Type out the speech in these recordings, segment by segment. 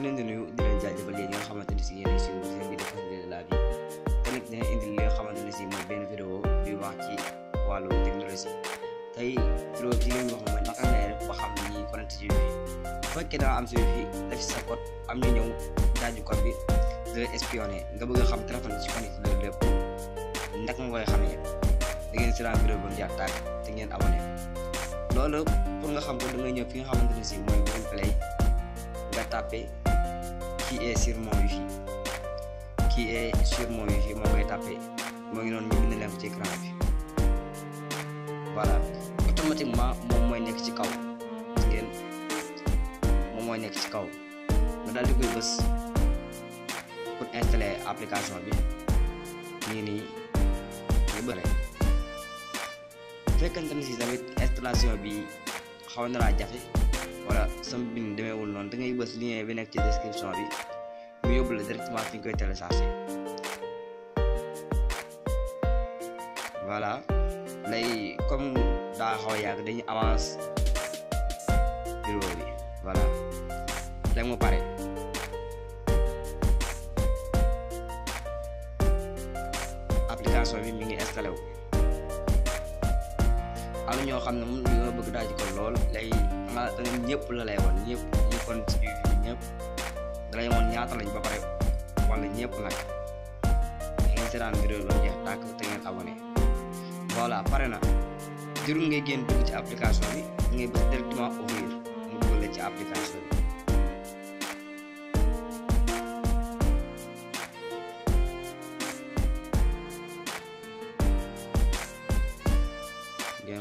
ngayon din yung dinadyadyaban din yung kamatulisin niya ng simbol sa hindi nasa nila lagi. biwaki walo yung teknolisi. Tay, true of dinan mo kung may nakangayari pa kami ni Kuranti Jumi. Ipag kita ang Jumi, tapos support ang yun yung dadyo kami dari espione. Gabo kami trapan sa kanit na lep. Hindi ka mawaya kami. dengan nyopi yang kamu tulisi mau ibu yang tapi qui est sur mon wifi qui est sur mon wifi moom ngay tapé moo ngi noonu ñu bind leen ko ci écran bi voilà automatiquement moom mooy nekk ci kaw ngeen moom mooy nekk ci kaw nga daal di koy bës pour installer application bi nii nii ñu bëre fekkante ni si tamit installation bi xaw na laa para some been demeewul noonu da ngay bës lien bi nekk ci description bi mu yóbbu la directement fi nga koy téléchargé voilà lay comme daa xaw a yàgg dañuy avance vidéo bi voilà rek mu pare application bi mi ngi installé am na ñoo xam ne moom dañoo bëgg daaj ko lool lay ma ñëpp la lay woon ñëpp ñu kon ci ñëpp ñaata lañ ba pare wala ñëpp nag ngeen seetaan vidéo ba jeex tàkk te ngeen abonné voilà pare na jërul ngay génn dugg ci application bi ngay bës directement ouvrir mu dugal la ci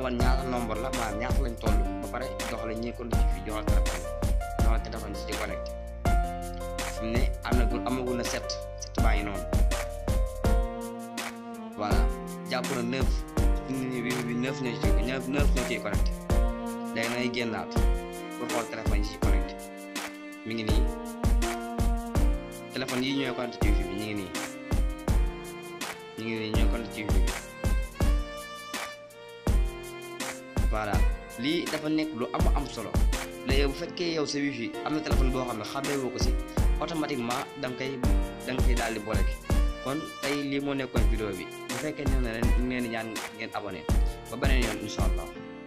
xamal ñaata nombre la maanaam ñaata lañ toll ba pare jox la ñii ko ci fi joxal téléphone joxal téléphone ci connecté fi ne am na set set baa ngi noonu voilà jàpp na neuf bi bi neuf ñoo ci neuf neuf ñoo ciy connecté léegi nay génnaat pour xool téléphone yi ci connecté mi ngi nii téléphone yi ñooy connecté ci fi bi ñu ngi voilà lii dafa nekk lu am am solo léegi bu fekkee yow sa wifi am na téléphone boo xam ne xamee woo ko si automatiquement da nga koy daal di bloqué kon tey lii moo nekkoon vidéo bi bu fekkee ne na leen ñu di ñaan ngeen abonné ba beneen yoon incha